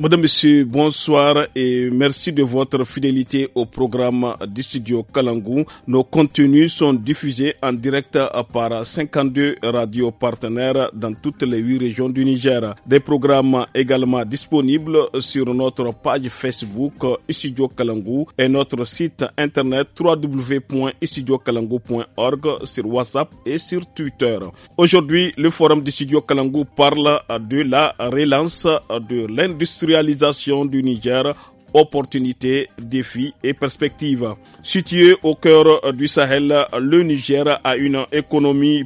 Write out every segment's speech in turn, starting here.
Madame, Monsieur, bonsoir et merci de votre fidélité au programme du studio Kalangou. Nos contenus sont diffusés en direct par 52 radios partenaires dans toutes les huit régions du Niger. Des programmes également disponibles sur notre page Facebook Studio Kalangou et notre site internet www.studiokalangou.org sur WhatsApp et sur Twitter. Aujourd'hui, le forum du studio Kalangou parle de la relance de l'industrie réalisation du Niger opportunités, défis et perspectives. Situé au cœur du Sahel, le Niger a une économie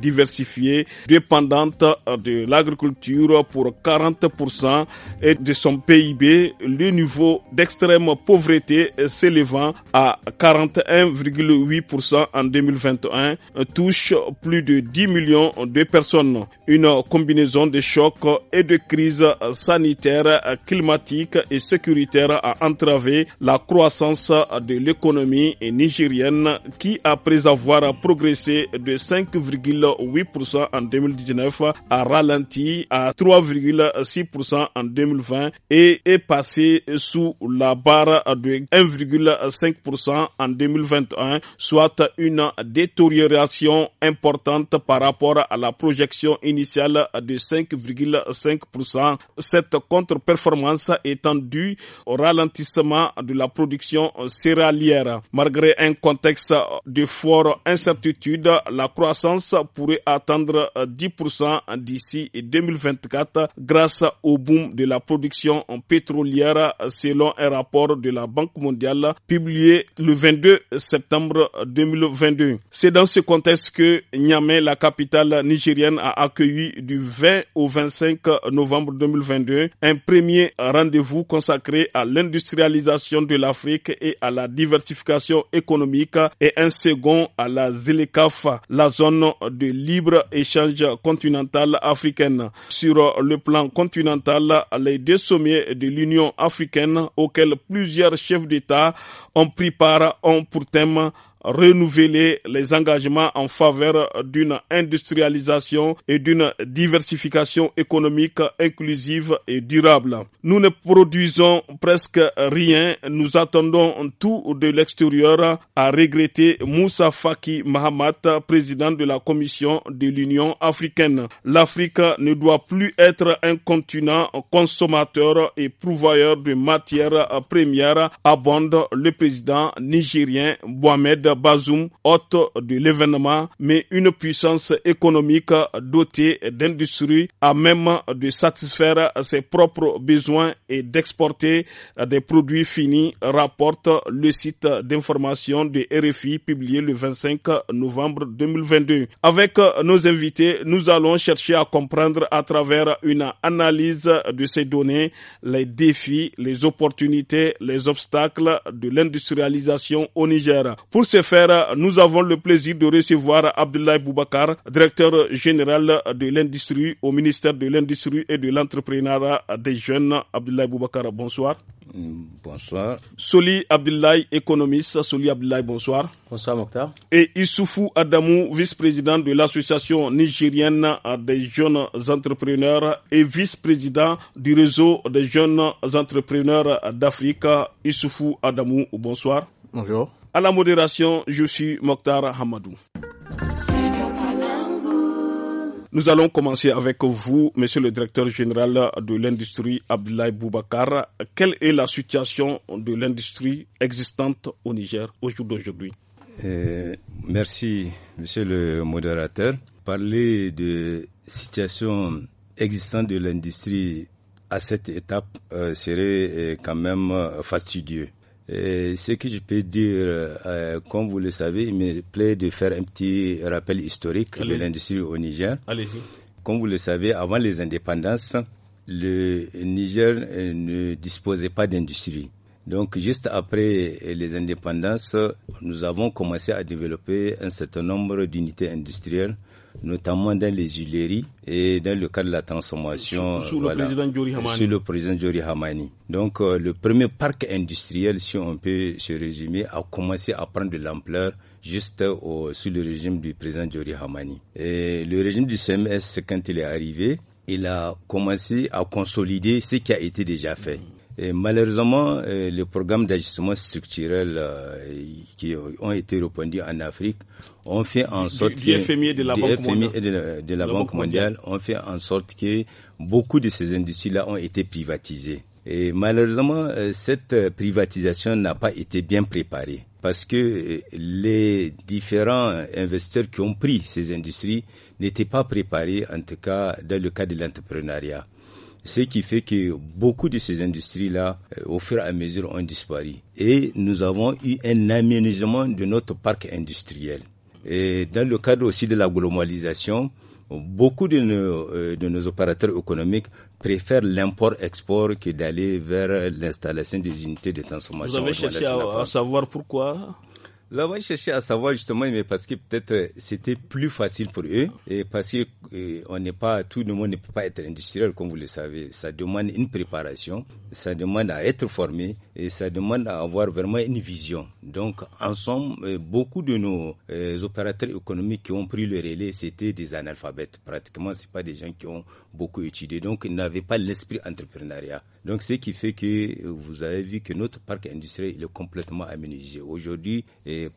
diversifiée, dépendante de l'agriculture pour 40% et de son PIB, le niveau d'extrême pauvreté s'élevant à 41,8% en 2021 touche plus de 10 millions de personnes. Une combinaison de chocs et de crises sanitaires, climatiques et sécuritaires a entravé la croissance de l'économie nigérienne qui, après avoir progressé de 5,8% en 2019, a ralenti à 3,6% en 2020 et est passé sous la barre de 1,5% en 2021, soit une détérioration importante par rapport à la projection initiale de 5,5%. Cette contre-performance étant due ralentissement de la production céréalière. Malgré un contexte de forte incertitude, la croissance pourrait atteindre 10% euh, d'ici 2024 grâce au boom de la production pétrolière selon un rapport de la Banque mondiale publié le 22 septembre 2022. C'est dans ce contexte que Niamey, la capitale nigérienne, a accueilli du 20 au 25 novembre 2022 un premier rendez-vous consacré à l'industrialisation de l'Afrique et à la diversification économique et un second à la ZELECAF, la zone de libre-échange continentale africaine. Sur le plan continental, les deux sommets de l'Union africaine auxquels plusieurs chefs d'État ont pris part ont pour thème renouveler les engagements en faveur d'une industrialisation et d'une diversification économique inclusive et durable. Nous ne produisons presque rien, nous attendons tout de l'extérieur, à regretter Moussa Faki Mahamat, président de la Commission de l'Union africaine. L'Afrique ne doit plus être un continent consommateur et pourvoyeur de matières premières, abonde le président nigérien Mohamed Bazoum, hôte de l'événement, mais une puissance économique dotée d'industries à même de satisfaire ses propres besoins et d'exporter des produits finis, rapporte le site d'information de RFI publié le 25 novembre 2022. Avec nos invités, nous allons chercher à comprendre à travers une analyse de ces données les défis, les opportunités, les obstacles de l'industrialisation au Niger. Pour ce nous avons le plaisir de recevoir Abdoulaye Boubacar, directeur général de l'industrie au ministère de l'Industrie et de l'Entrepreneuriat des Jeunes. Abdoulaye Boubacar, bonsoir. Mm, bonsoir. Soli Abdoulaye, économiste. Soli Abdoulaye, bonsoir. Bonsoir, Mokhtar. Et Issoufou Adamou, vice-président de l'Association nigérienne des jeunes entrepreneurs et vice-président du réseau des jeunes entrepreneurs d'Afrique. Issoufou Adamou, bonsoir. Bonjour. À la modération, je suis Mokhtar Hamadou. Nous allons commencer avec vous, monsieur le directeur général de l'industrie, Abdoulaye Boubacar. Quelle est la situation de l'industrie existante au Niger au jour d'aujourd'hui euh, Merci, monsieur le modérateur. Parler de situation existante de l'industrie à cette étape euh, serait euh, quand même fastidieux ce que je peux dire, euh, comme vous le savez, il me plaît de faire un petit rappel historique de l'industrie au Niger. Allez-y. Comme vous le savez, avant les indépendances, le Niger euh, ne disposait pas d'industrie. Donc, juste après les indépendances, nous avons commencé à développer un certain nombre d'unités industrielles notamment dans les huileries et dans le cadre de la transformation. Sous, euh, le président Hamani. Donc, euh, le premier parc industriel, si on peut se résumer, a commencé à prendre de l'ampleur juste au, sous le régime du président Jory Hamani. Et le régime du CMS, quand il est arrivé, il a commencé à consolider ce qui a été déjà fait malheureusement, euh, les programmes d'ajustement structurel euh, qui ont été répandus en Afrique ont fait en sorte du, FMI de la, Banque, ont fait en sorte que beaucoup de ces industries-là ont été privatisées. Et malheureusement, euh, cette privatisation n'a pas été bien préparée parce que les différents investisseurs qui ont pris ces industries n'étaient pas préparés, en tout cas dans le cas de l'entrepreneuriat. Ce qui fait que beaucoup de ces industries-là, euh, au fur et à mesure, ont disparu. Et nous avons eu un aménagement de notre parc industriel. Et dans le cadre aussi de la globalisation, beaucoup de nos, euh, de nos opérateurs économiques préfèrent l'import-export que d'aller vers l'installation des unités de transformation. Vous avez cherché à savoir pourquoi Là-bas, ils à savoir justement, mais parce que peut-être euh, c'était plus facile pour eux, et parce que euh, on n'est pas, tout le monde ne peut pas être industriel, comme vous le savez. Ça demande une préparation, ça demande à être formé, et ça demande à avoir vraiment une vision. Donc, ensemble euh, beaucoup de nos opérateurs économiques qui ont pris le relais, c'était des analphabètes. Pratiquement, c'est pas des gens qui ont beaucoup étudié, donc ils n'avaient pas l'esprit entrepreneuriat. Donc, ce qui fait que vous avez vu que notre parc industriel est complètement aménagé. Aujourd'hui,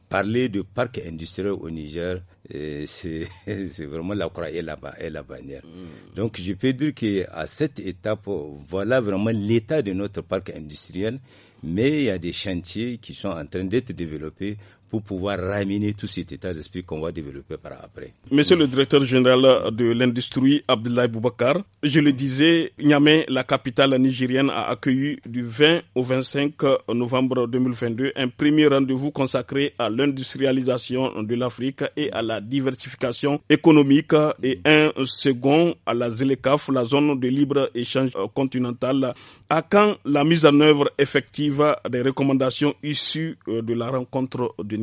parler de parc industriel au Niger, c'est vraiment la croix et la, bannière. Hmm. Donc, je peux dire qu'à cette étape, voilà vraiment l'état de notre parc industriel mais il y a des chantiers qui sont en train d'être développés pour pouvoir ramener tout cet état d'esprit qu'on va développer par après. Monsieur le directeur général de l'industrie, Abdoulaye Boubacar, je le disais, Niamey, la capitale nigérienne, a accueilli du 20 au 25 novembre 2022 un premier rendez-vous consacré à l'industrialisation de l'Afrique et à la diversification économique et un second à la ZLECAF, la zone de libre-échange continental. À quand la mise en œuvre effective des recommandations issues de la rencontre de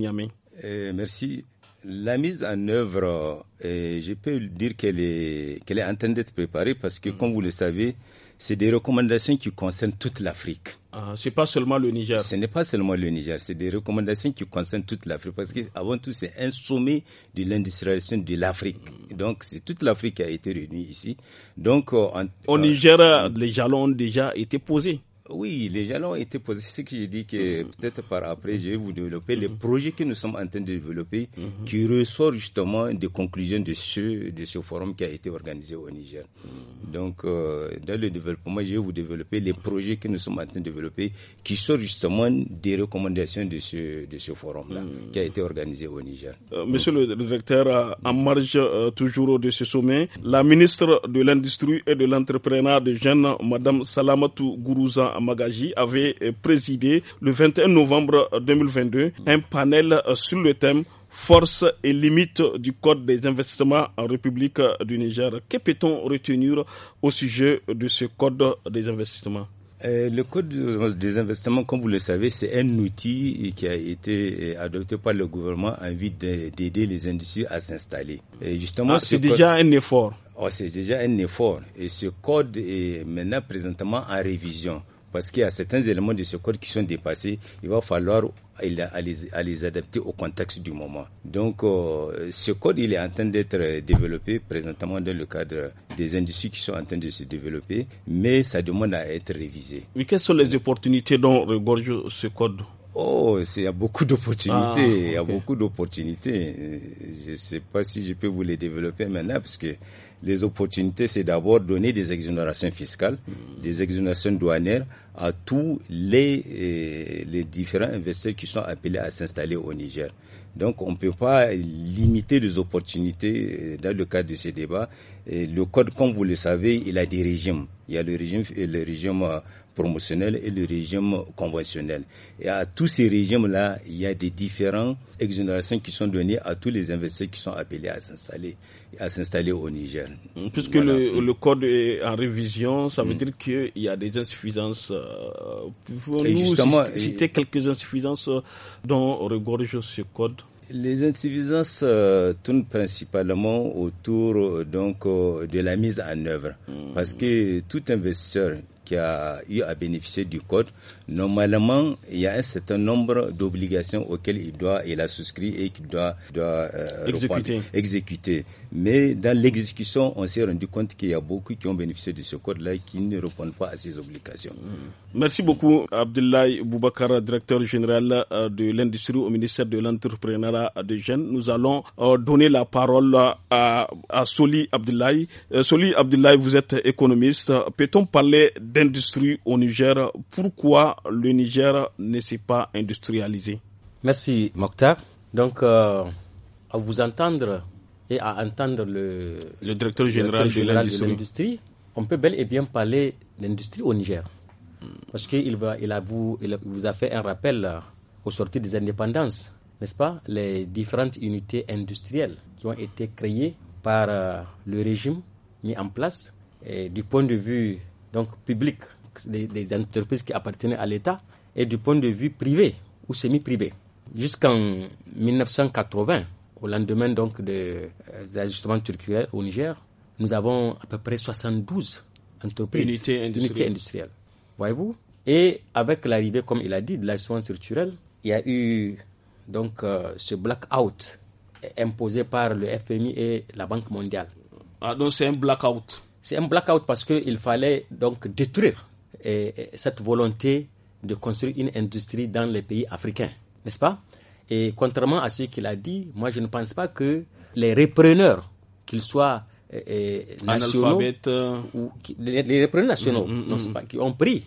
euh, merci. La mise en œuvre, euh, je peux dire qu'elle est, qu'elle est en train d'être préparée parce que, comme vous le savez, c'est des recommandations qui concernent toute l'Afrique. Ah, ce n'est pas seulement le Niger. Ce n'est pas seulement le Niger, c'est des recommandations qui concernent toute l'Afrique. Parce qu'avant tout, c'est un sommet de l'industrialisation de l'Afrique. Mm. Donc, c'est toute l'Afrique qui a été réunie ici. Donc, euh, Au Niger, les jalons ont déjà été posés. Oui, les jalons été posés. C'est ce que j'ai dit que mhm. peut-être par après, je vais vous développer les mhm. projets que nous sommes en train de développer mhm. qui ressortent justement des conclusions de ce, de ce forum qui a été organisé au Niger. Donc, euh, dans le développement, je vais vous développer les projets que nous sommes en train de développer qui sortent justement des recommandations de ce, de ce forum-là qui a été organisé au Niger. Euh, monsieur le directeur, euh, en marge toujours de ce sommet, la ministre de l'Industrie et de l'Entrepreneuriat des Jeunes, Madame Salamatou Gourouza Magaji avait euh, présidé le 21 novembre 2022 un panel euh, sur le thème force et limites du Code des investissements en République du Niger. Que peut-on retenir au sujet de ce Code des investissements euh, le Code des investissements, comme vous le savez, c'est un outil qui a été adopté par le gouvernement en vue d'aider les industries à s'installer. Ah, c'est déjà un effort. Oh, c'est déjà un effort. Et ce code est maintenant présentement en révision. Parce qu'il y a certains éléments de ce code qui sont dépassés. Il va falloir les, adapter au contexte du moment. Donc, euh, ce code, il est en train d'être développé présentement dans le cadre des industries qui sont en train de se développer, mais ça demande à être révisé. Mais quelles sont les opportunités dont regorge ce code Oh, il y a beaucoup d'opportunités. Ah, il y a beaucoup d'opportunités. Je ne sais pas si je peux vous les développer maintenant, parce que les opportunités, c'est d'abord donner des exonérations fiscales, des exonérations douanières à tous les, euh, les différents investisseurs qui sont appelés à s'installer au Niger. Donc on ne peut pas limiter les opportunités euh, dans le cadre de ces débats. Et le code, comme vous le savez, il a des régimes. Il y a le régime, le régime euh, promotionnel et le régime conventionnel. Et à tous ces régimes-là, il y a des différentes exonérations qui sont données à tous les investisseurs qui sont appelés à s'installer à s'installer au Niger. Hein, puisque le, le, mm. code est en révision, ça veut mm. dire qu'il y a des insuffisances. Euh, pouvons-nous citer quelques insuffisances euh, dont regorge ce code les insuffisances euh, tournent principalement autour donc de la mise en œuvre, mm. parce que tout investisseur a eu à bénéficier du code, normalement, il y a un certain nombre d'obligations auxquelles il doit, il a souscrit et qu'il doit, doit euh, exécuter. exécuter. Mais dans l'exécution, on s'est rendu compte qu'il y a beaucoup qui ont bénéficié de ce code-là et qui ne répondent pas à ces obligations. Hmm. Merci beaucoup, Abdoulaye Boubacar, directeur général euh, de l'industrie au ministère de l'entrepreneuriat des jeunes. Nous allons euh, donner la parole à, à Soli Abdoulaye. Soli Abdoulaye, vous êtes économiste. Peut-on parler d'un industrie au Niger. Pourquoi le Niger ne s'est pas industrialisé Merci Mokhtar. Donc, euh, à vous entendre et à entendre le, directeur général, de l'industrie, on peut bel et bien parler d'industrie au Niger. Parce qu'il il a vous, vous a fait un rappel euh, aux sorties des indépendances, n'est-ce pas Les différentes unités industrielles qui ont été créées par euh, le régime mis en place. Et du point de vue donc public des, entreprises qui appartenaient à l'État, et du point de vue privé ou semi-privé. Jusqu'en 1980, au lendemain donc des, euh, ajustements turculaires au Niger, nous avons à peu près 72 entreprises, unités industrielles. Voyez-vous Et avec l'arrivée, comme il a dit, de l'ajustement structurel, il y a eu donc euh, ce blackout imposé par le FMI et la Banque mondiale. Ah donc c'est un blackout c'est un blackout parce qu'il fallait donc détruire et, eh, eh, cette volonté de construire une industrie dans les pays africains, n'est-ce pas Et contrairement à ce qu'il a dit, moi je ne pense pas que les repreneurs, qu'ils soient eh, nationaux euh, ou les, repreneurs nationaux, mm, mm, mm, pas, qui ont pris,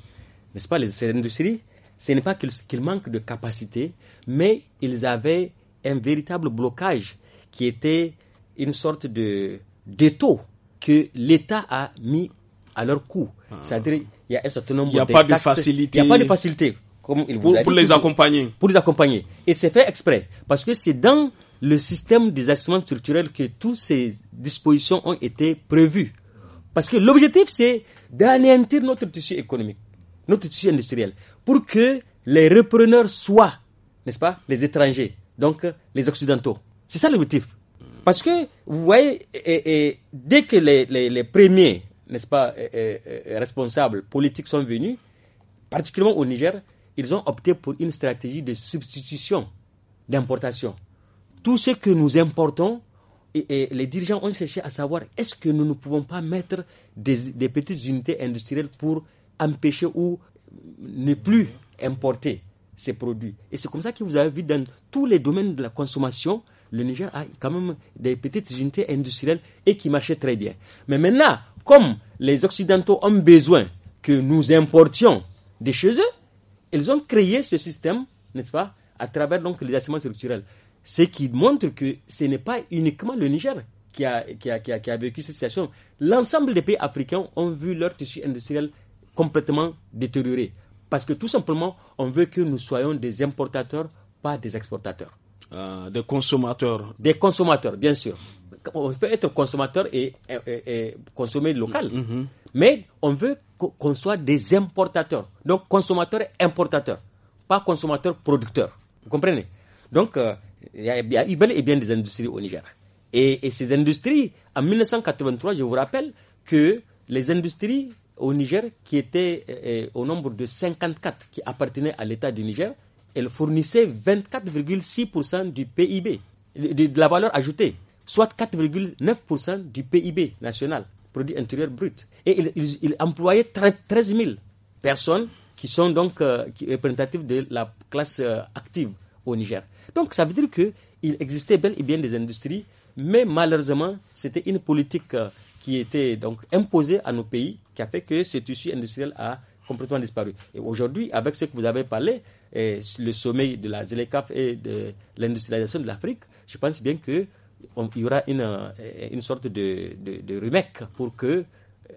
n'est-ce pas, les, ces industries, ce n'est pas qu'ils manquent de capacité, mais ils avaient un véritable blocage qui était une sorte de d'étau que l'État a mis à leur coût. Ah. C'est-à-dire, il y a un certain nombre il a pas de facilité. Il n'y a pas de facilité. Comme pour, les accompagner. Pour les accompagner. Et c'est fait exprès. Parce que c'est dans le système des instruments structurels que toutes ces dispositions ont été prévues. Parce que l'objectif, c'est d'anéantir notre tissu économique, notre tissu industriel, pour que les repreneurs soient, n'est-ce pas, les étrangers, donc les occidentaux. C'est ça l'objectif. Parce que, vous voyez, dès que les, premiers, n'est-ce pas, responsables politiques sont venus, particulièrement au Niger, ils ont opté pour une stratégie de substitution d'importation. Tout ce que nous importons, et, les dirigeants ont cherché à savoir est-ce que nous ne pouvons pas mettre des, des petites unités industrielles pour empêcher ou ne plus importer ces produits. Et c'est comme ça que vous avez vu dans tous les domaines de la consommation, le Niger a quand même des petites unités industrielles et qui marchaient très bien. Mais maintenant, comme les Occidentaux ont besoin que nous importions des chez eux, ils ont créé ce système, n'est-ce pas, à travers donc les assemblements structurels. Ce qui montre que ce n'est pas uniquement le Niger qui a, qui a vécu cette situation. L'ensemble des pays africains ont vu leur tissu industriel complètement détérioré. Parce que tout simplement, on veut que nous soyons des importateurs, pas des exportateurs. Euh, des consommateurs. Des consommateurs, bien sûr. On peut être consommateur et, consommer local. Mm-hmm. Mais on veut qu'on soit des importateurs. Donc consommateur importateur, pas consommateur producteur. Vous comprenez Donc euh, il y, a bel et bien des industries au Niger. Et, ces industries, en 1983, je vous rappelle que les industries au Niger, qui étaient euh, au nombre de 54, qui appartenaient à l'État du Niger, elle fournissait 24,6% du PIB, de, la valeur ajoutée, soit 4,9% du PIB national, produit intérieur brut. Et il, employait 13 000 personnes qui sont donc euh, représentatives de la classe euh, active au Niger. Donc ça veut dire qu'il existait bel et bien des industries, mais malheureusement, c'était une politique euh, qui était donc imposée à nos pays qui a fait que ce tissu industriel a complètement disparu. Et aujourd'hui, avec ce que vous avez parlé, et le sommet de la ZLECAF et de l'industrialisation de l'Afrique, je pense bien qu'il y aura une, euh, une sorte de, remake pour que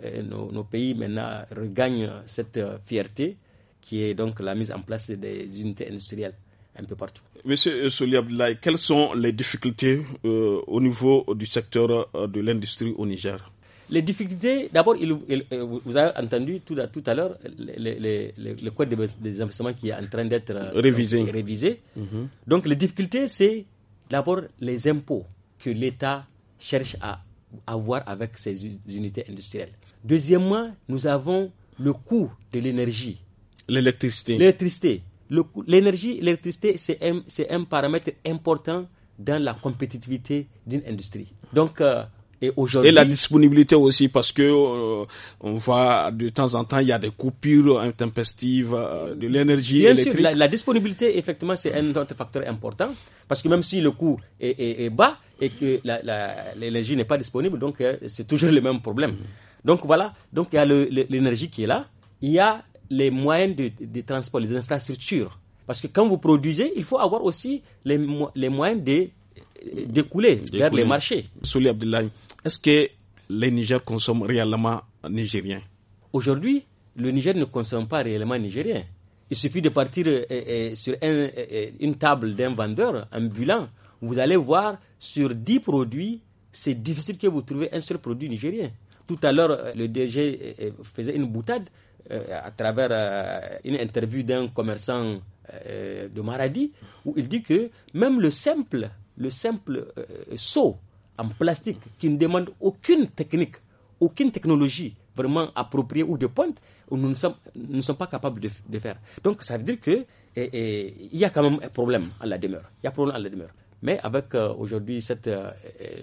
euh, nos, pays maintenant regagnent cette euh, fierté qui est donc la mise en place des unités industrielles un peu partout. Monsieur Soli quelles sont les difficultés au niveau du secteur de l'industrie au Niger les difficultés, d'abord, euh, vous avez entendu tout à, tout à l'heure le, code des, investissements qui est en train d'être révisé. Euh, donc, révisé. Mhm. donc, les difficultés, c'est d'abord les impôts que l'État cherche à avoir avec ses unités industrielles. Deuxièmement, nous avons le coût de l'énergie. L'électricité. L'électricité. L'énergie, l'électricité, c'est un, un, paramètre important dans la compétitivité d'une industrie. Donc, euh, et, la disponibilité aussi, parce que euh, on voit de temps en temps, il y a des coupures intempestives euh, de l'énergie électrique. Sûr, la, disponibilité, effectivement, c'est un autre facteur important, parce que même si le coût est, est, bas et que l'énergie n'est pas disponible, donc euh, c'est toujours le même problème. Donc voilà, donc il y a l'énergie qui est là, il y a les moyens de, de transport, les infrastructures. Parce que quand vous produisez, il faut avoir aussi les, les moyens de découler vers les marchés. Souli Abdoulaye, est-ce que les Niger consomment réellement nigérien Aujourd'hui, le Niger ne consomme pas réellement nigérien. Il suffit de partir euh, euh, sur euh, une table d'un vendeur ambulant. Vous allez voir, sur 10 produits, c'est difficile que vous trouviez un seul produit nigérien. Tout à l'heure, le DG faisait une boutade à travers une interview d'un commerçant de Maradi où il dit que même le simple le simple euh, saut seau en plastique qui ne demande aucune technique, aucune technologie vraiment appropriée ou de pointe, nous ne sommes, ne sommes pas capables de, faire. Donc ça veut dire que il y a quand même un problème à la demeure. Il y a problème à la demeure. Mais avec euh, aujourd'hui cette euh,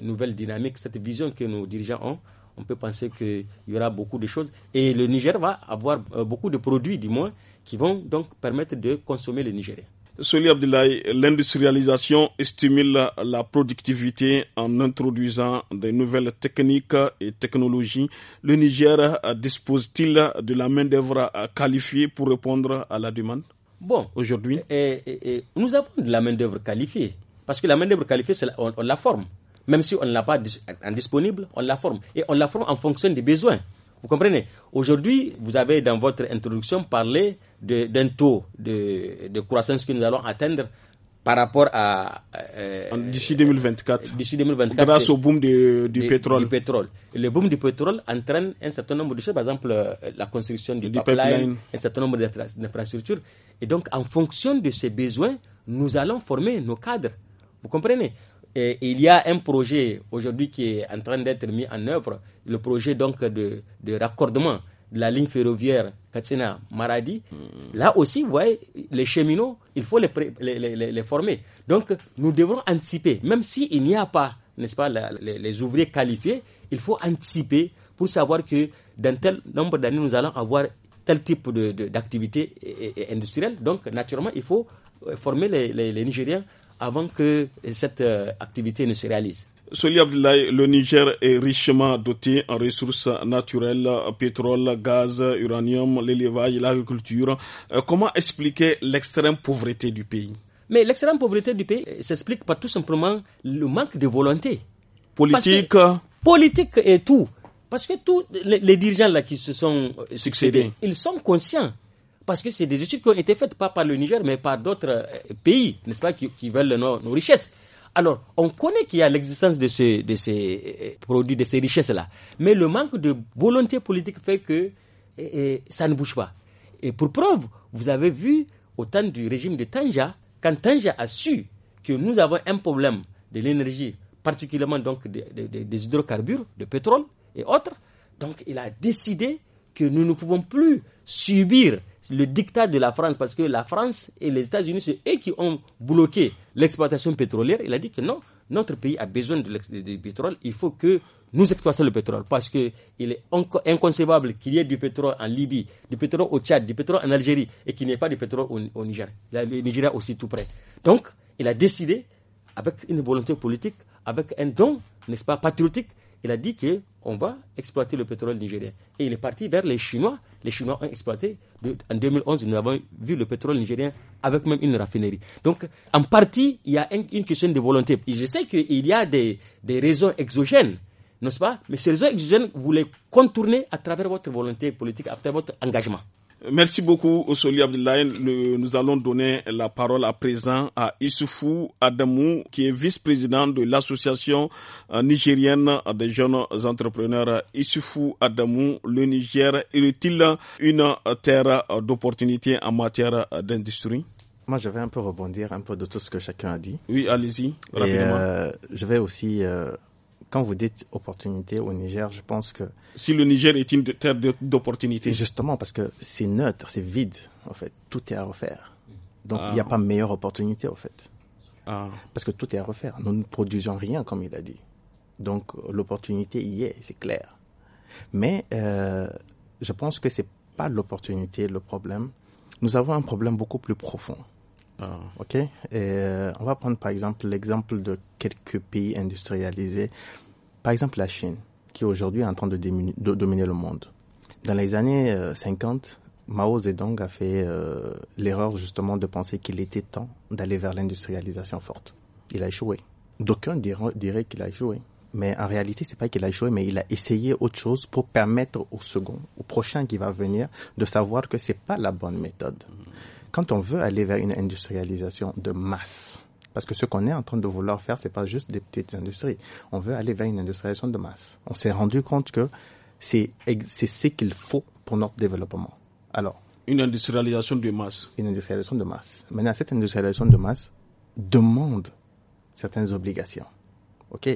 nouvelle dynamique, cette vision que nos dirigeants ont, on peut penser qu'il y aura beaucoup de choses. Et le Niger va avoir beaucoup de produits, du moins, qui vont donc permettre de consommer le Nigérien. Soli Abdoulaye, l'industrialisation stimule la productivité en introduisant de nouvelles techniques et technologies. Le Niger dispose-t-il de la main-d'œuvre qualifiée pour répondre à la demande Bon, aujourd'hui, eh, eh, eh, nous avons de la main-d'œuvre qualifiée. Parce que la main-d'œuvre qualifiée, on, la forme. Même si on ne l'a pas disponible, on la forme. Et on la forme en fonction des besoins. Vous comprenez Aujourd'hui, vous avez dans votre introduction parlé d'un taux de, croissance que nous allons atteindre par rapport à... Euh, d'ici 2024. D'ici 2024. Grâce au boom du, pétrole. du pétrole. Le boom du pétrole entraîne un certain nombre de choses, par exemple euh, la construction du, pipeline, un certain nombre d'infrastructures. Et donc, en fonction de ces besoins, nous allons former nos cadres. Vous comprenez et il y a un projet aujourd'hui qui est en train d'être mis en œuvre, le projet donc de, raccordement de la ligne ferroviaire Katsina-Maradi. Hmm. Là aussi, vous voyez, les cheminots, il faut les, former. Donc, nous devons anticiper, même s'il n'y a pas, n'est-ce pas, les, ouvriers qualifiés, il faut anticiper pour savoir que dans tel nombre d'années, nous allons avoir tel type d'activité de, industrielle. Donc, naturellement, il faut euh, former les Nigériens avant que cette euh, activité ne se réalise. Soli Abdoulaye, le Niger est richement doté en ressources naturelles, pétrole, gaz, uranium, l'élevage, l'agriculture. Euh, comment expliquer l'extrême pauvreté du pays Mais l'extrême pauvreté du pays euh, s'explique par tout simplement le manque de volonté. Politique Politique et tout. Parce que tous les, dirigeants là qui se sont succédés, ils sont conscients parce que c'est des études qui ont été faites, pas par le Niger, mais par d'autres euh, pays, n'est-ce pas, qui, veulent nos, richesses. Alors, on connaît qu'il y a l'existence de, de ces euh, produits, de ces richesses-là. Mais le manque de volonté politique fait que ça ne bouge pas. Et pour preuve, vous avez vu au temps du régime de Tanja, quand Tanja a su que nous avons un problème de l'énergie, particulièrement donc des hydrocarbures, de pétrole et autres, donc il a décidé que nous ne pouvons plus subir le dictat de la France, parce que la France et les États-Unis, c'est eux qui ont bloqué l'exploitation pétrolière. Il a dit que non, notre pays a besoin du pétrole, il faut que nous exploitions le pétrole, parce qu'il est inconcevable qu'il y ait du pétrole en Libye, du pétrole au Tchad, du pétrole en Algérie, et qu'il n'y ait pas de pétrole au, au Le Nigeria aussi tout près. Donc, il a décidé, avec une volonté politique, avec un don, n'est-ce pas, patriotique, il a dit que on va exploiter le pétrole nigérien. Et il est parti vers les Chinois. Les Chinois ont exploité. En 2011, nous avons vu le pétrole nigérien avec même une raffinerie. Donc, en partie, il y a une question de volonté. je sais qu'il y a des, des raisons exogènes, n'est-ce pas Mais ces raisons exogènes, vous les contournez à travers votre volonté politique, à travers votre engagement. Merci beaucoup, Osoli Abdullah. nous allons donner la parole à présent à Issoufou Adamou, qui est vice-président de l'Association euh, nigérienne des jeunes entrepreneurs. Issoufou Adamou, le Niger est-il une euh, terre euh, d'opportunités en matière d'industrie moi, je vais un peu rebondir un peu de tout ce que chacun a dit. Oui, allez-y, rapidement. je vais aussi quand vous dites opportunité au Niger, je pense que... Si le Niger est une terre d'opportunité. Justement, parce que c'est neutre, c'est vide, en fait. Tout est à refaire. Donc, il n'y a ah. pas meilleure opportunité, en fait. Ah. Parce que tout est à refaire. Nous ne produisons rien, comme il a dit. Donc, l'opportunité y est, c'est clair. Mais euh, je pense que ce n'est pas l'opportunité le problème. Nous avons un problème beaucoup plus profond. Ah. Ok. Euh, on va prendre par exemple l'exemple de quelques pays industrialisés. Par exemple la Chine, qui aujourd'hui est en train de, dominer le monde. Dans les années 50, euh, Mao Zedong a fait euh, l'erreur justement de penser qu'il était temps d'aller vers l'industrialisation forte. Il a échoué. D'aucuns diraient qu'il a échoué. Mais en réalité, c'est pas qu'il a échoué, mais il a essayé autre chose pour permettre au second, au prochain qui va venir, de savoir que c'est pas la bonne méthode. Mm-hmm quand on veut aller vers une industrialisation de masse, parce que ce qu'on est en train de vouloir faire, c'est pas juste des petites industries. On veut aller vers une industrialisation de masse. On s'est rendu compte que c'est c'est ce qu'il faut pour notre développement. Alors. Une industrialisation de masse. Une industrialisation de masse. Maintenant, cette industrialisation de masse demande certaines obligations. OK?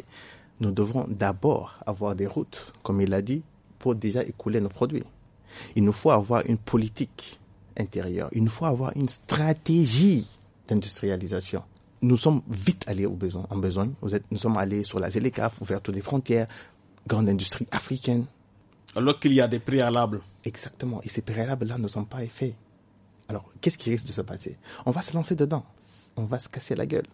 Nous devrons d'abord avoir des routes, comme il l'a dit, pour déjà écouler nos produits. Il nous faut avoir une politique intérieur, il nous faut avoir une stratégie d'industrialisation. Nous sommes vite allés aux besoins, en besoin. nous sommes allés sur la ZLECAF, toutes les frontières, grande industrie africaine. Alors qu'il y a des préalables. Exactement. Et ces préalables-là ne sont pas faits. Alors, qu'est-ce qui risque de se passer On va se lancer dedans. On va se casser la gueule.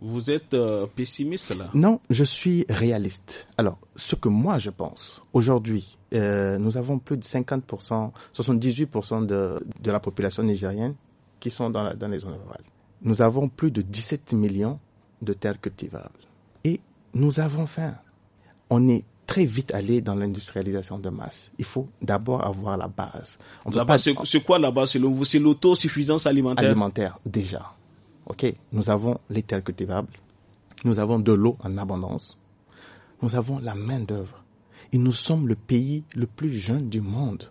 Vous êtes euh, pessimiste là Non, je suis réaliste. Alors, ce que moi je pense, aujourd'hui, euh, nous avons plus de 50%, 78% de, de la population nigérienne qui sont dans, dans les zones rurales. Nous avons plus de 17 millions de terres cultivables. Et nous avons faim. On est très vite allé dans l'industrialisation de masse. Il faut d'abord avoir la base. Pas... c'est quoi la base C'est l'autosuffisance alimentaire Alimentaire, déjà. OK, nous avons les terres cultivables. Nous avons de l'eau en abondance. Nous avons la main-d'œuvre et nous sommes le pays le plus jeune du monde.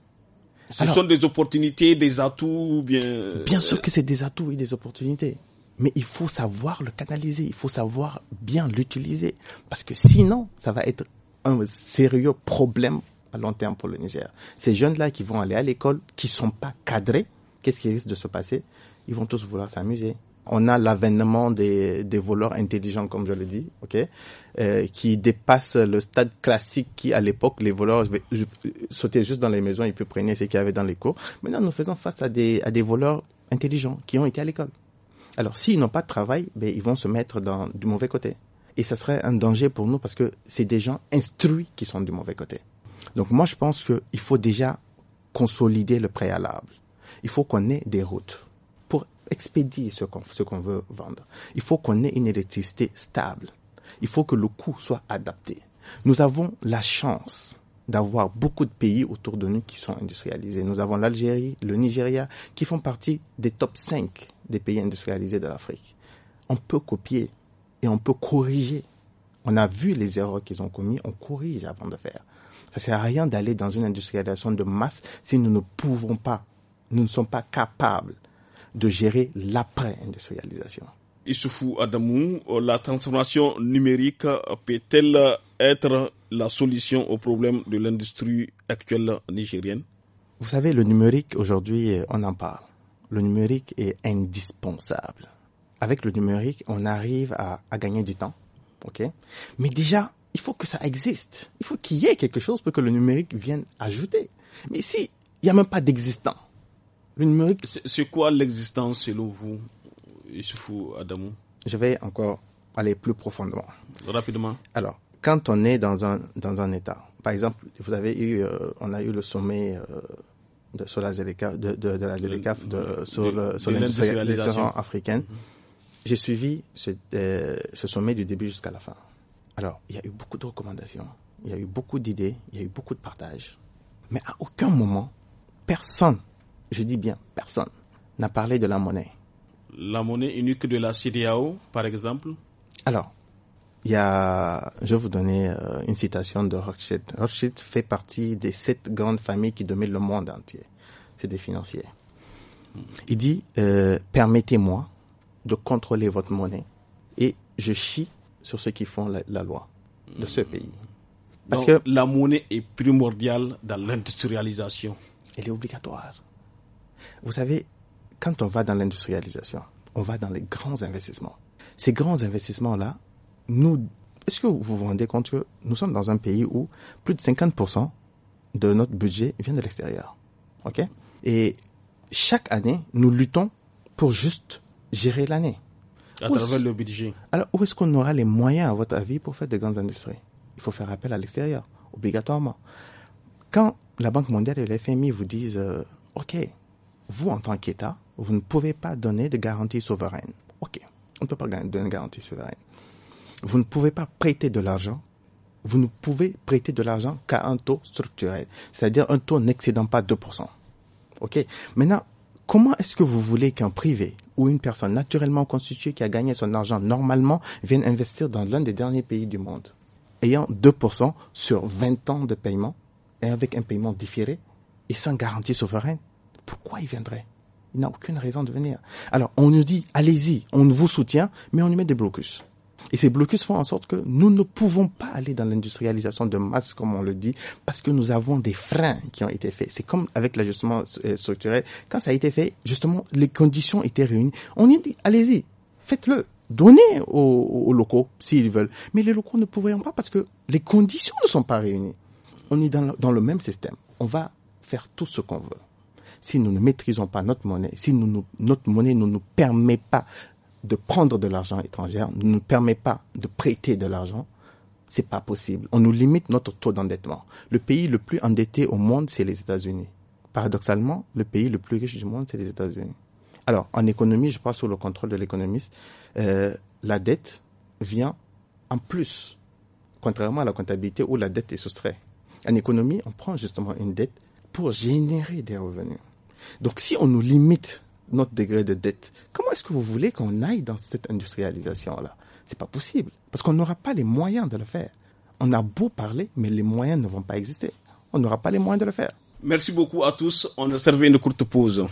Ce sont des opportunités, des atouts ou bien... Bien sûr euh, que c'est des atouts et des opportunités. Mais il faut savoir le canaliser, il faut savoir bien l'utiliser. Parce que sinon, ça va être un sérieux problème à long terme pour le Niger. Ces jeunes-là qui vont aller à l'école, qui sont pas cadrés, qu'est-ce qui risque de se passer Ils vont tous vouloir s'amuser, on a l'avènement des, voleurs intelligents, comme je le dis, ok, euh, qui dépassent le stade classique qui, à l'époque, les voleurs sautaient juste dans les maisons et puis prenaient ce qu'il y avait dans les cours. Maintenant, nous faisons face à des, voleurs intelligents qui ont été à l'école. Alors, s'ils n'ont pas de travail, ben, ils vont se mettre dans du mauvais côté. Et ça serait un danger pour nous parce que c'est des gens instruits qui sont du mauvais côté. Donc, moi, je pense qu'il faut déjà consolider le préalable. Il faut qu'on ait des routes expédier ce qu'on veut vendre. Il faut qu'on ait une électricité stable. Il faut que le coût soit adapté. Nous avons la chance d'avoir beaucoup de pays autour de nous qui sont industrialisés. Nous avons l'Algérie, le Nigeria, qui font partie des top 5 des pays industrialisés de l'Afrique. On peut copier et on peut corriger. On a vu les erreurs qu'ils ont commises, on corrige avant de faire. Ça sert à rien d'aller dans une industrialisation de masse si nous ne pouvons pas, nous ne sommes pas capables de gérer l'après-industrialisation. Issoufou Adamou, euh, la transformation numérique euh, peut-elle euh, être la solution au problème de l'industrie actuelle nigérienne Vous savez, le numérique, aujourd'hui, on en parle. Le numérique est indispensable. Avec le numérique, on arrive à, gagner du temps. ok Mais déjà, il faut que ça existe. Il faut qu'il y ait quelque chose pour que le numérique vienne ajouter. Mais ici, il n'y a même pas d'existant, c'est quoi l'existence selon vous, Issoufou Adamou Je vais encore aller plus profondément. Rapidement. Alors, quand on est dans un, dans un État, par exemple, vous avez eu, euh, on a eu le sommet euh, de, sur la de, de, la ZDKF de, sur l'industrialisation africaine. Mm-hmm. J'ai suivi ce, euh, ce sommet du début jusqu'à la fin. Alors, il y a eu beaucoup de recommandations, il y a eu beaucoup d'idées, il y a eu beaucoup de partages. Mais à aucun moment, personne je dis bien personne, n'a parlé de la monnaie. La monnaie unique de la CDAO, par exemple Alors, il y a, je vais vous donner euh, une citation de Rothschild. Rothschild fait partie des sept grandes familles qui dominent le monde entier. C'est des financiers. Il dit, euh, permettez-moi de contrôler votre monnaie et je chie sur ceux qui font la, loi de ce hmm. pays. Parce que la monnaie est primordiale dans l'industrialisation. Elle est obligatoire. Vous savez, quand on va dans l'industrialisation, on va dans les grands investissements. Ces grands investissements-là, nous, est-ce que vous vous rendez compte que nous sommes dans un pays où plus de 50% de notre budget vient de l'extérieur? OK? Et chaque année, nous luttons pour juste gérer l'année. À travers le budget. Alors, où est-ce qu'on aura les moyens, à votre avis, pour faire des grandes industries? Il faut faire appel à l'extérieur, obligatoirement. Quand la Banque mondiale et le FMI vous disent, euh, OK, vous, en tant qu'État, vous ne pouvez pas donner de garantie souveraine. OK, on ne peut pas donner de garantie souveraine. Vous ne pouvez pas prêter de l'argent. Vous ne pouvez prêter de l'argent qu'à un taux structurel, c'est-à-dire un taux n'excédant pas 2%. OK Maintenant, comment est-ce que vous voulez qu'un privé ou une personne naturellement constituée qui a gagné son argent normalement vienne investir dans l'un des derniers pays du monde, ayant 2% sur 20 ans de paiement et avec un paiement différé et sans garantie souveraine pourquoi il viendrait Il n'a aucune raison de venir. Alors, on nous dit, allez-y, on vous soutient, mais on y met des blocus. Et ces blocus font en sorte que nous ne pouvons pas aller dans l'industrialisation de masse, comme on le dit, parce que nous avons des freins qui ont été faits. C'est comme avec l'ajustement euh, structurel. Quand ça a été fait, justement, les conditions étaient réunies. On nous dit, allez-y, faites-le. Donnez aux, locaux s'ils veulent. Mais les locaux ne pouvaient pas parce que les conditions ne sont pas réunies. On est dans le même système. On va faire tout ce qu'on veut si nous ne maîtrisons pas notre monnaie, si nous, notre monnaie ne nous permet pas de prendre de l'argent étranger, ne nous permet pas de prêter de l'argent, c'est pas possible. On nous limite notre taux d'endettement. Le pays le plus endetté au monde, c'est les États-Unis. Paradoxalement, le pays le plus riche du monde, c'est les États-Unis. Alors, en économie, je passe sous le contrôle de l'économiste, euh, la dette vient en plus, contrairement à la comptabilité où la dette est soustraite. En économie, on prend justement une dette pour générer des revenus. Donc si on nous limite notre degré de dette, comment est-ce que vous voulez qu'on aille dans cette industrialisation-là C'est pas possible, parce qu'on n'aura pas les moyens de le faire. On a beau parler, mais les moyens ne vont pas exister. On n'aura pas les moyens de le faire. Merci beaucoup à tous. On a servi une courte pause.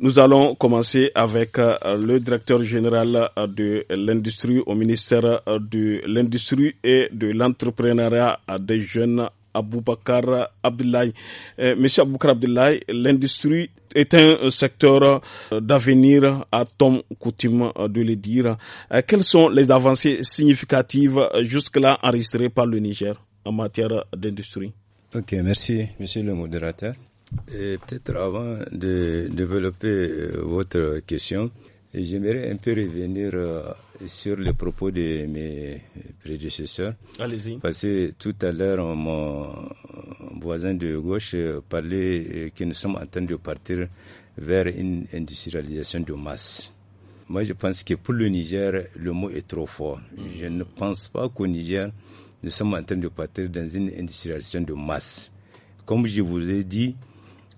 Nous allons commencer avec euh, le directeur général euh, de l'industrie au ministère euh, de l'industrie et de l'entrepreneuriat des jeunes Aboubakar Abdoulaye. Eh, monsieur Aboubakar Abdoulaye, l'industrie est un euh, secteur euh, d'avenir à Tom coutume euh, de le dire. Eh, quelles sont les avancées significatives jusque-là enregistrées par le Niger en matière d'industrie Ok, merci, monsieur le modérateur. peut-être avant de développer votre question, j'aimerais un peu revenir sur les propos de mes prédécesseurs. Allez-y. Parce que tout à l'heure, mon voisin de gauche parlait que nous sommes en train de partir vers une industrialisation de masse. Moi, je pense que pour le Niger, le mot est trop fort. Je ne pense pas qu'au Niger, nous sommes en train de partir dans une industrialisation de masse. Comme je vous ai dit,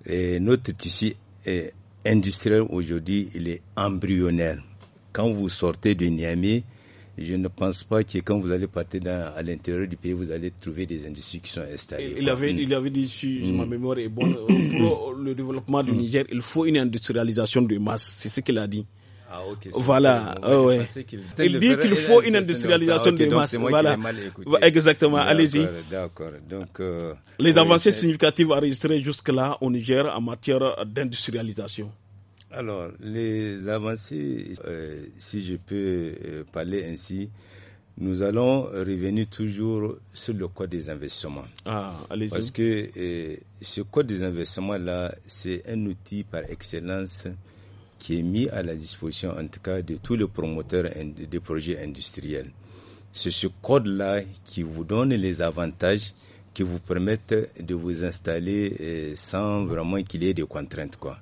eh, notre tissu est industriel aujourd'hui, il est embryonnaire quand vous sortez de Niamey, je ne pense pas que quand vous allez partir à l'intérieur du pays, vous allez trouver des industries qui sont installées. Il avait, dit, si mm. ma mémoire est bonne, euh, pour le développement du mm. Niger, il faut une industrialisation de masse. C'est ce qu'il a dit. Ah, ok. voilà, ah, ouais. il, dit qu'il faut une industrialisation ah, de masse. Voilà. Exactement, allez-y. D'accord, euh, Les avancées significatives enregistrées jusque-là au Niger en matière d'industrialisation. Alors, les avancées, euh, si je peux euh, parler ainsi, nous allons revenir toujours sur le code des investissements. Ah, allez-y. Parce que euh, ce code des investissements-là, c'est un outil par excellence qui est mis à la disposition, en tout cas, de tous les promoteurs de projets industriels. C'est ce code-là qui vous donne les avantages qui vous permettent de vous installer sans vraiment qu'il y ait de contraintes, quoi.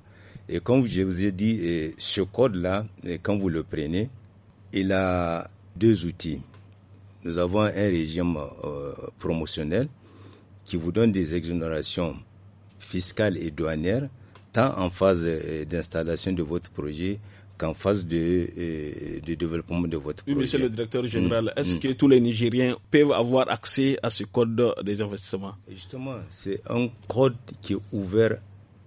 Et comme je vous ai dit, eh, ce code-là, eh, quand vous le prenez, il a deux outils. Nous avons un régime euh, promotionnel qui vous donne des exonérations fiscales et douanières, tant en phase eh, d'installation de votre projet qu'en phase de, développement de votre projet. monsieur le directeur mm. général, est-ce mm. que tous les Nigériens peuvent avoir accès à ce code des investissements Justement, c'est un code qui est ouvert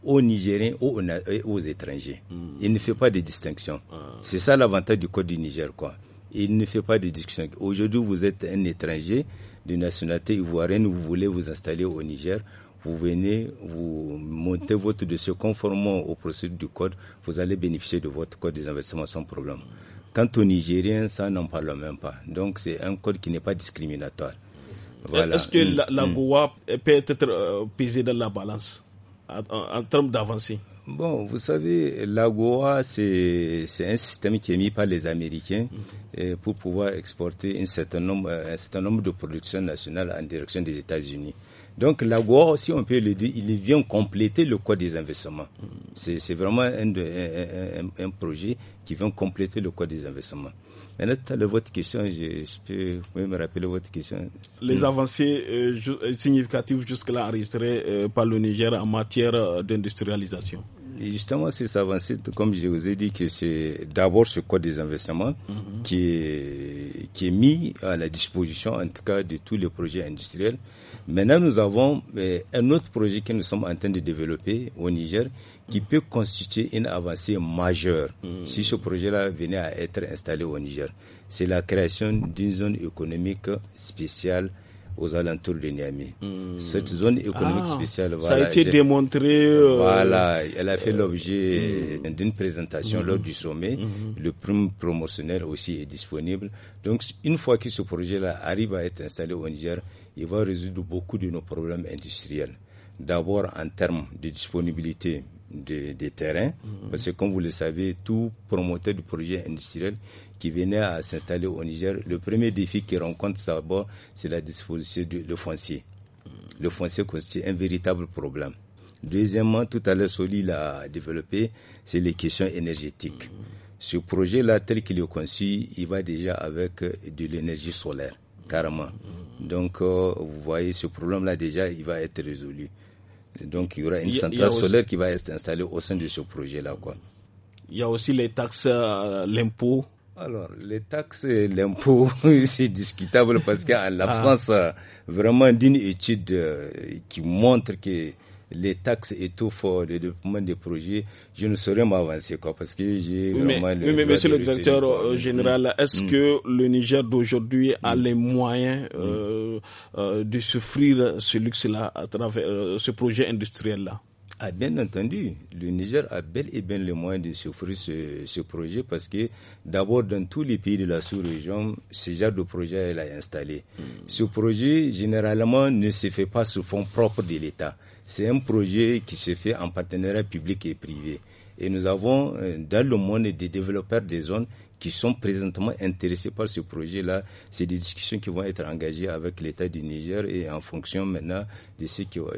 aux Nigériens ou euh, aux, étrangers. Hmm. Il ne fait pas de distinction. Ah. C'est ça l'avantage du Code du Niger, quoi. Il ne fait pas de distinction. Aujourd'hui, vous êtes un étranger de nationalité ivoirienne, vous voulez vous installer au Niger, vous venez, vous montez votre dossier conformément aux procédures du Code, vous allez bénéficier de votre Code des investissements sans problème. Quant aux Nigériens, ça n'en parle même pas. Donc, c'est un Code qui n'est pas discriminatoire. Est-ce que la, la hmm. peut être euh, pesée dans la balance en, termes d'avancée Bon, vous savez, l'AGOA, c'est un système qui est mis par les Américains mhm. euh, pour pouvoir exporter un certain, nombre, euh, un certain nombre de productions nationales en direction des États-Unis. Donc l'AGOA, si on peut le dire, il vient compléter le code des investissements. Mhm. C'est vraiment un, un, projet qui vient compléter le code des investissements. Maintenant, le, votre question, je, peux me rappeler votre question. Les avancées euh, euh, significatives jusque-là enregistrées euh, par le Niger en matière d'industrialisation. Justement, ces avancées, comme je vous ai dit, que c'est d'abord ce code des investissements mhm. qui, est, qui est mis à la disposition, en tout cas, de tous les projets industriels. Maintenant, nous avons eh, un autre projet que nous sommes en train de développer au Niger qui mhm. peut constituer une avancée majeure mhm. si ce projet-là venait à être installé au Niger. C'est la création d'une zone économique spéciale aux alentours de Niamey. Hmm. Cette zone économique ah. spéciale, ça a été démontré. Euh, voilà, elle a fait l'objet hmm. d'une présentation hmm. lors du sommet. Le prime promotionnel aussi est disponible. Donc, une fois que ce projet-là arrive à être installé au Niger, il va résoudre beaucoup de nos problèmes industriels. D'abord en termes de disponibilité des, des terrains, parce que comme vous le savez, tout promoteur du projet industriel, qui venaient à s'installer au Niger, le premier défi qu'ils rencontrent d'abord, c'est la disposition du foncier. Le foncier constitue un véritable problème. Deuxièmement, tout à l'heure, Soli l'a développé, c'est les questions énergétiques. Ce projet-là, tel qu'il est conçu, il va déjà avec de l'énergie solaire, carrément. Donc, euh, vous voyez, ce problème-là, déjà, il va être résolu. Donc, il y aura une centrale solaire qui va être installée au sein de ce projet-là, quoi. Il y a aussi les taxes, euh, l'impôt alors, les taxes et l'impôt, c'est discutable parce qu'à ah. l'absence euh, vraiment d'une étude euh, qui montre que les taxes étouffent le développement des projets, je ne saurais m'avancer quoi parce que j'ai mais, mais, le monsieur le directeur euh, mm. général, est-ce mm. que le Niger d'aujourd'hui a mm. les moyens de souffrir ce luxe-là à travers ce projet industriel-là ah, bien entendu, le Niger a bel et bien le moyen de s'offrir ce, projet parce que d'abord dans tous les pays de la sous-région, ce genre de projet est installé. Hmm. Ce projet généralement ne se fait pas sous fonds propres de l'État. C'est un projet qui se fait en partenariat public et privé. Et nous avons euh, dans le monde des développeurs des zones qui sont présentement intéressés par ce projet-là. C'est des discussions qui vont être engagées avec l'État du Niger et en fonction maintenant de ce qui aura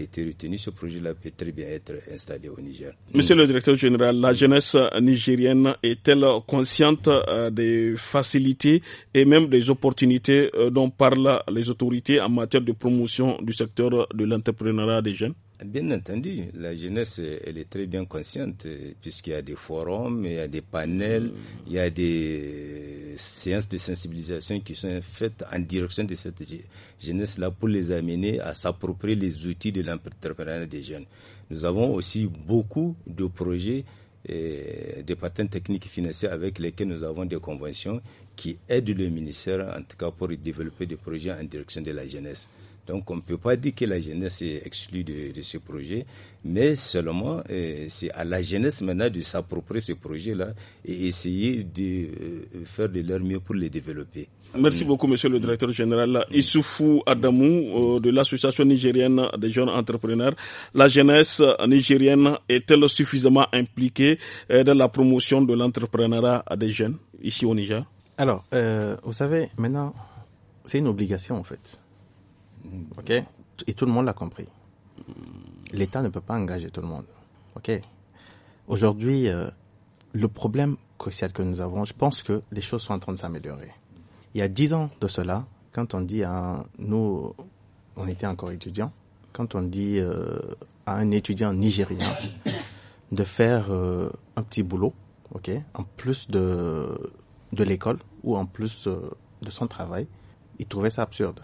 été retenu, ce projet-là peut très bien être installé au Niger. Monsieur le directeur général, la jeunesse nigérienne est-elle consciente euh, des facilités et même des opportunités euh, dont parlent les autorités en matière de promotion du secteur de l'entrepreneuriat des jeunes Bien entendu, la jeunesse, elle est très bien consciente, puisqu'il y a des forums, il y a des panels, mm. il y a des séances de sensibilisation qui sont faites en direction de cette jeunesse-là pour les amener à s'approprier les outils de l'entrepreneuriat des jeunes. Nous avons aussi beaucoup de projets et euh, des techniques financiers avec lesquels nous avons des conventions qui aident le ministère, en tout cas, pour développer des projets en direction de la jeunesse. Donc on ne peut pas dire que la jeunesse est exclue de, ce projet, mais seulement euh, c'est à la jeunesse maintenant de s'approprier ce projet-là et essayer de euh, faire de leur mieux pour le développer. Merci beaucoup, monsieur le directeur général mmh. Issoufou Adamou euh, de l'Association nigérienne des jeunes entrepreneurs. La jeunesse nigérienne est-elle suffisamment impliquée dans la promotion de l'entrepreneuriat des jeunes ici au Niger Alors, vous savez, maintenant, c'est une obligation en fait OK Et tout le monde l'a compris. L'État ne peut pas engager tout le monde. OK Aujourd'hui, euh, le problème crucial que nous avons, je pense que les choses sont en train de s'améliorer. Il y a dix ans de cela, quand on dit à nous, on était encore étudiants, quand on dit euh, à un étudiant nigérien de faire euh, un petit boulot, ok, en plus de de l'école ou en plus de son travail, il trouvait ça absurde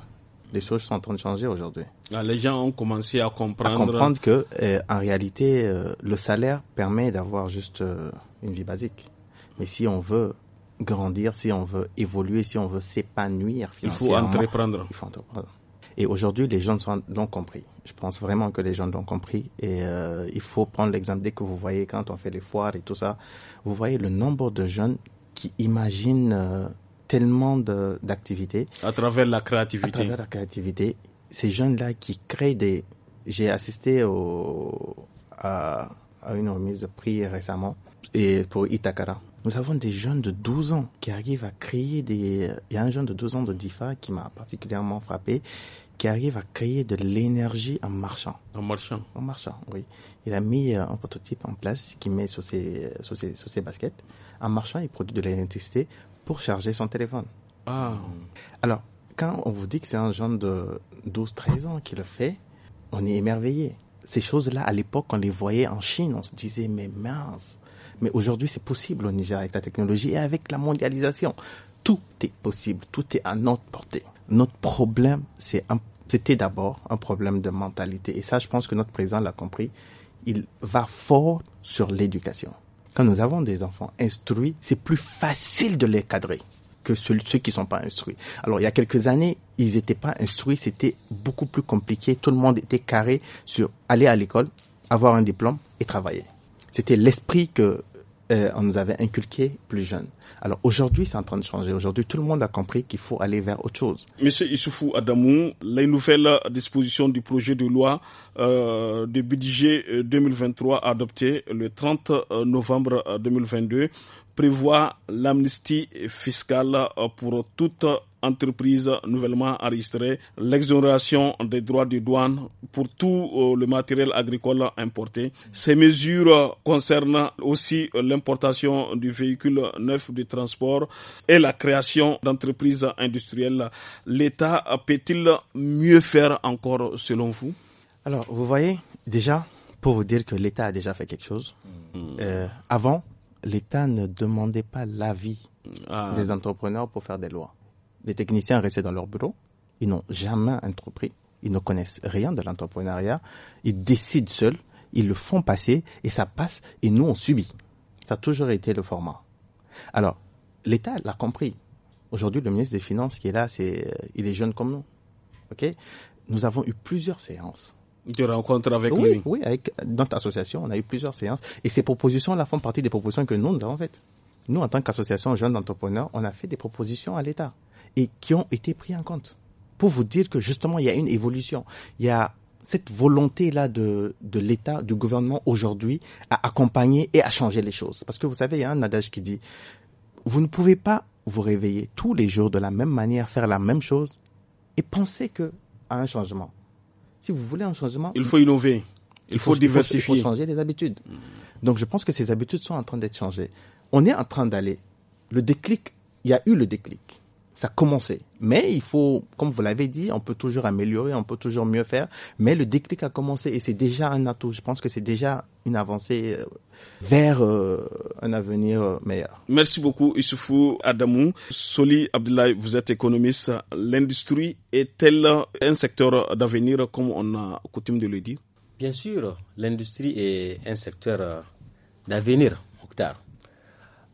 les choses sont en train de changer aujourd'hui. Ah, les gens ont commencé à comprendre. À comprendre que, euh, en réalité, euh, le salaire permet d'avoir juste euh, une vie basique. Mais si on veut grandir, si on veut évoluer, si on veut s'épanouir financièrement, il faut entreprendre. Il faut entreprendre. Et aujourd'hui, les jeunes l'ont compris. Je pense vraiment que les jeunes l'ont compris. Et il faut prendre l'exemple dès que vous voyez quand on fait les foires et tout ça. Vous voyez le nombre de jeunes qui imaginent tellement d'activités. À travers la créativité. À travers la créativité. Ces jeunes-là qui créent des... J'ai assisté au, à, à, une remise de prix récemment et pour Itakara. Nous avons des jeunes de 12 ans qui arrivent à créer des... Il y a un jeune de 12 ans de DIFA qui m'a particulièrement frappé, qui arrive à créer de l'énergie en marchant. En marchant En marchant, oui. Il a mis euh, un prototype en place qu'il met sur ses, sur ses, sur ses baskets. En marchant, il produit de l'électricité pour charger son téléphone. Ah. Alors, quand on vous dit que c'est un jeune de 12-13 ans qui le fait, on est émerveillé. Ces choses-là, à l'époque, on les voyait en Chine, on se disait, mais mince. Mais aujourd'hui, c'est possible au Niger avec la technologie et avec la mondialisation. Tout est possible, tout est à notre portée. Notre problème, c'est c'était d'abord un problème de mentalité. Et ça, je pense que notre président l'a compris. Il va fort sur l'éducation. Quand nous avons des enfants instruits, c'est plus facile de les cadrer que ceux, qui ne sont pas instruits. Alors il y a quelques années, ils n'étaient pas instruits, c'était beaucoup plus compliqué. Tout le monde était carré sur aller à l'école, avoir un diplôme et travailler. C'était l'esprit que euh, on nous avait inculqué plus jeune. Alors aujourd'hui, c'est en train de changer. Aujourd'hui, tout le monde a compris qu'il faut aller vers autre chose. Monsieur Issoufou Adamou, les nouvelles dispositions du projet de loi euh, de budget 2023 euh, adopté le 30 novembre 2022 prévoit l'amnistie fiscale pour toute entreprises nouvellement enregistrées, l'exonération des droits de douane pour tout euh, le matériel agricole importé. Ces mesures euh, concernent aussi l'importation du véhicule neuf de transport et la création d'entreprises industrielles. L'État peut-il mieux faire encore selon vous Alors, vous voyez, déjà, pour vous dire que l'État a déjà fait quelque chose, hmm. euh, avant, l'État ne demandait pas l'avis ah. des entrepreneurs pour faire des lois. Les techniciens restaient dans leur bureau. Ils n'ont jamais entrepris. Ils ne connaissent rien de l'entrepreneuriat. Ils décident seuls. Ils le font passer et ça passe et nous on subit. Ça a toujours été le format. Alors, l'État l'a compris. Aujourd'hui, le ministre des Finances qui est là, c'est, euh, il est jeune comme nous. OK? Nous avons eu plusieurs séances. De rencontres avec lui. Oui, avec notre association, on a eu plusieurs séances. Et ces propositions-là font partie des propositions que nous, nous avons faites. Nous, en tant qu'association jeunes d'entrepreneurs, on a fait des propositions à l'État et qui ont été pris en compte. Pour vous dire que justement, il y a une évolution. Il y a cette volonté-là de, de l'État, du gouvernement aujourd'hui à accompagner et à changer les choses. Parce que vous savez, il y a un hein, adage qui dit, vous ne pouvez pas vous réveiller tous les jours de la même manière, faire la même chose et penser que à un changement. Si vous voulez un changement, il faut innover, il faut, faut diversifier, il faut changer les habitudes. Donc je pense que ces habitudes sont en train d'être changées. On est en train d'aller. Le déclic, il y a eu le déclic ça a commencé, Mais il faut, comme vous l'avez dit, on peut toujours améliorer, on peut toujours mieux faire. Mais le déclic a commencé et c'est déjà un atout. Je pense que c'est déjà une avancée euh, vers euh, un avenir euh, meilleur. Merci beaucoup, Issoufou Adamou. Soli Abdoulaye, vous êtes économiste. L'industrie est-elle un secteur d'avenir, comme on a coutume de le dire Bien sûr, l'industrie est un secteur d'avenir, Octave.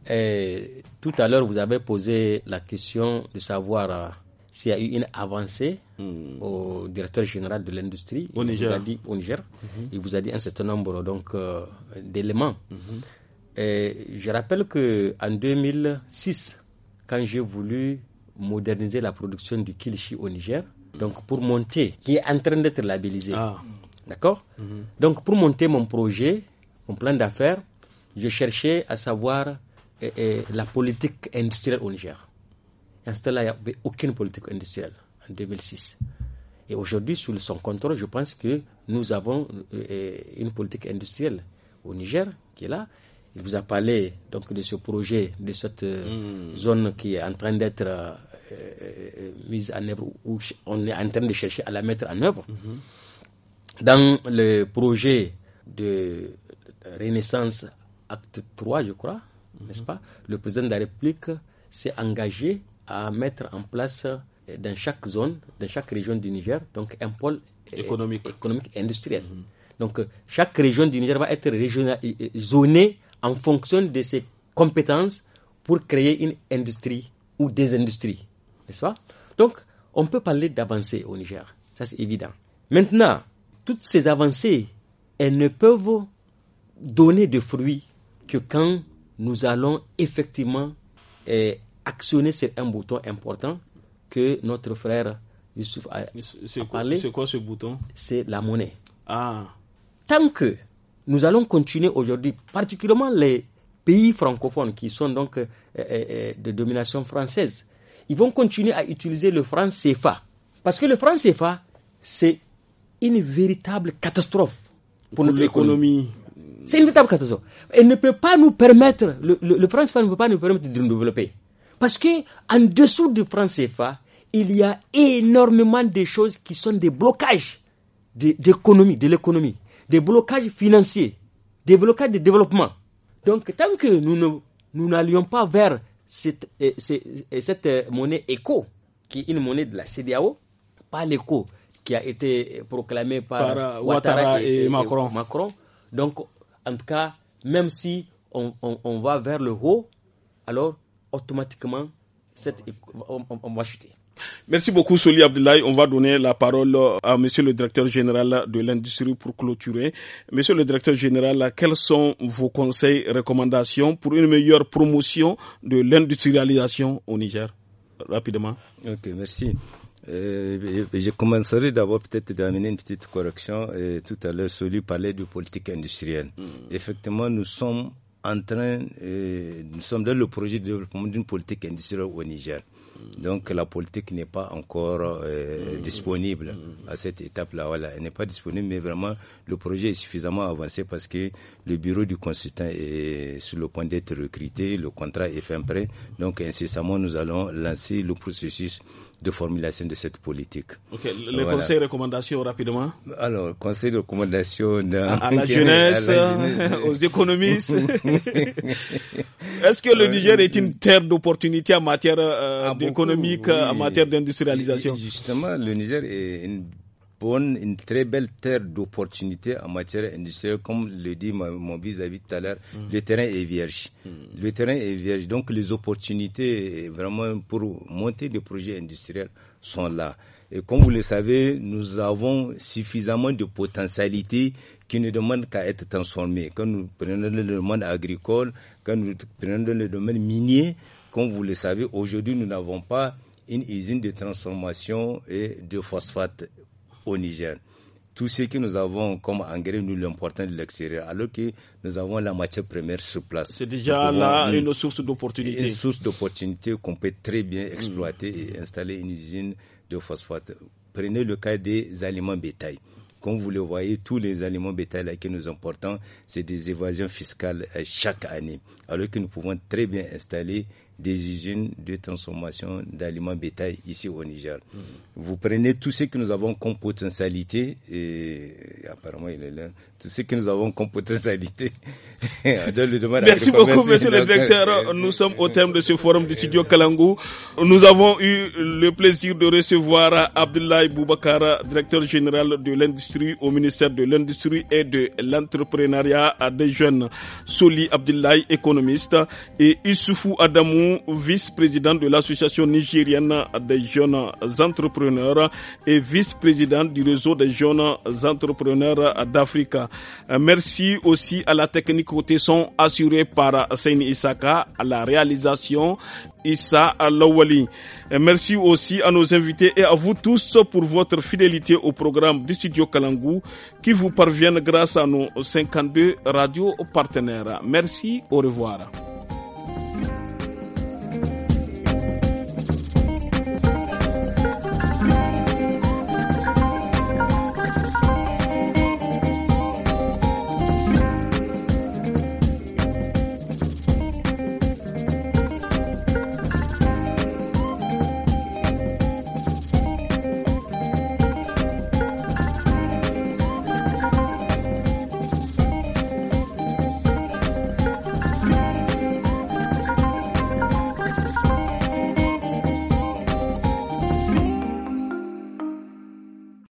Et eh, tout à l'heure, vous avez posé la question de savoir euh, s'il y a eu une avancée hmm. au directeur général de l'industrie. Au Niger. Mhm. Il vous a dit, un certain nombre donc euh, d'éléments. Mhm. Et eh, je rappelle que en 2006, quand j'ai voulu moderniser la production du kilchi au Niger, donc pour monter, qui est en train d'être labellisé. Ah. D'accord mhm. Donc pour monter mon projet, mon plan d'affaires, je cherchais à savoir la politique industrielle au Niger. En ce là il n'y avait aucune politique industrielle en 2006. Et aujourd'hui, sous son contrôle, je pense que nous avons euh, euh, une politique industrielle au Niger qui est là. Il vous a parlé donc de ce projet, de cette euh, hmm. zone qui est en train d'être mise en œuvre, où on est en train de chercher à la mettre en œuvre. Mm-hmm. Dans le projet de Renaissance Acte 3, je crois, n'est-ce pas Le président de la République s'est engagé à mettre en place euh, dans chaque zone, dans chaque région du Niger, donc un pôle euh, économique, économique et industriel. Mhm. Donc euh, chaque région du Niger va être zonée en fonction de ses compétences pour créer une industrie ou des industries, n'est-ce pas Donc on peut parler d'avancées au Niger, ça c'est évident. Maintenant, toutes ces avancées, elles ne peuvent donner de fruits que quand nous allons effectivement eh, actionner sur un bouton important que notre frère Youssouf a, parlé. C'est quoi ce bouton C'est la monnaie. Ah. Tant que nous allons continuer aujourd'hui, particulièrement les pays francophones qui sont donc eh, eh, de domination française, ils vont continuer à utiliser le franc CFA. Parce que le franc CFA, c'est une véritable catastrophe pour, notre économie. C'est une véritable catastrophe. Elle ne peut pas nous permettre, le, le, CFA ne peut pas nous permettre de nous développer. Parce que en dessous du franc CFA, il y a énormément de choses qui sont des blocages d'économie, de, l'économie, des blocages financiers, des blocages de développement. Donc, tant que nous n'allions pas vers cette, euh, euh, cette, euh, monnaie éco, qui est une monnaie de la CDAO, pas l'éco qui a été proclamée par, Ouattara, et, Macron. Macron. Donc, en tout cas, même si on, on, va vers le haut, alors automatiquement, on, va chuter. Merci beaucoup, Soli Abdoulaye. On va donner la parole euh, à Monsieur le Directeur Général de l'Industrie pour clôturer. Monsieur le Directeur Général, quels sont vos conseils, recommandations pour une meilleure promotion de l'industrialisation au Niger Rapidement. Ok, merci. Euh, je commencerai d'abord peut-être d'amener une petite correction. et euh, tout à l'heure, celui parlait de politique industrielle. Hmm. Effectivement, nous sommes en train, euh, nous sommes dans le projet de développement d'une politique industrielle au Niger. Hmm. Donc la politique n'est pas encore hmm. disponible à cette étape-là. Voilà, elle n'est pas disponible, mais vraiment le projet est suffisamment avancé parce que le bureau du consultant est sur le point d'être recruté, le contrat est fin prêt. Donc incessamment, nous allons lancer le processus de formulation de cette politique. Ok, les de recommandation, rapidement Alors, conseil de recommandation... à, la jeunesse, aux économistes. Est-ce que le euh, Niger est une terre d'opportunités en matière euh, ah, économique, en matière d'industrialisation Justement, le Niger est une une très belle terre d'opportunités en matière industrielle. Comme le dit mon vis-à-vis tout à l'heure, mm. le terrain est vierge. Mm. Le terrain est vierge. Donc les opportunités euh, vraiment pour monter des projets industriels sont là. Et comme vous le savez, nous avons suffisamment de potentialités qui ne demandent qu'à être transformées. Quand nous prenons le domaine agricole, quand nous prenons le domaine minier, comme vous le savez, aujourd'hui, nous n'avons pas une usine de transformation et de phosphate au Niger. Tout ce que nous avons comme engrais, nous l'importons de l'extérieur, alors que nous avons la matière première sur place. C'est déjà là une, source d'opportunité. Une source d'opportunité qu'on peut très bien exploiter et installer une usine de phosphate. Prenez le cas des aliments bétail. Comme vous le voyez, tous les aliments bétail que nous importons, c'est des évasions fiscales euh, chaque année. Alors que nous pouvons très bien installer des usines de transformation d'aliments bétail ici au Niger. Mmh. Vous prenez tout ce que nous avons comme potentialité, et, apparemment il est là, tout ce que nous avons comme potentialité. Merci beaucoup, monsieur le directeur. Nous sommes au terme de ce forum de studio Kalangou. Nous avons eu le plaisir de recevoir Abdoulaye Boubakara, directeur général de l'industrie au ministère de l'Industrie et de l'Entrepreneuriat à des jeunes. Soli Abdoulaye, économiste, et Issoufou Adamou, vice-président de l'Association nigérienne des jeunes entrepreneurs et vice-présidente du réseau des jeunes entrepreneurs d'Afrique. Euh, merci aussi à la technique côté son assurée par Seine Isaka, à la réalisation Issa Lawali. Euh, merci aussi à nos invités et à vous tous pour votre fidélité au programme du studio Kalangou qui vous parviennent grâce à nos 52 radios partenaires. Merci, au revoir.